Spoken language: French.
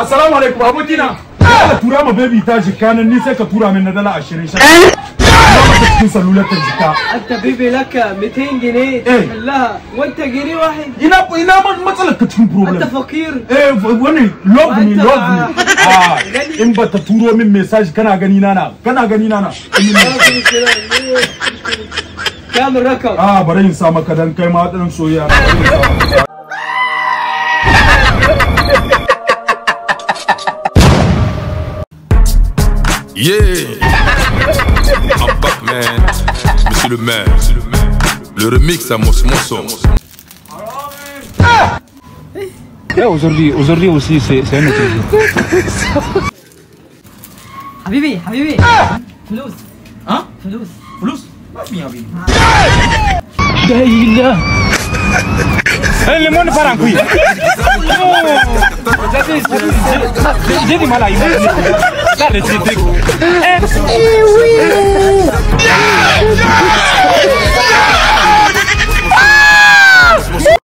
assalamu alaikum abokina ka tura ma baby ta jika nan ni sai ka tura min na dala ashirin sha cikin eh? salular ta jika anta bibi laka 200 gine eh. Allah wanta gine wahid ina ina matsalar ka cikin problem anta fakir eh wani love me love me ah in ba ta turo min message kana gani na na kana gani na na kamun rakam ah bari in sa maka dan kai ma dan soyayya Yeah Monsieur le maire. Le remix à mon son. aujourd'hui, aujourd'hui aussi, c'est un autre Habibi, Habibi. ah? Hein Habibi. Eh, le monde en oh. J'ai Arrête,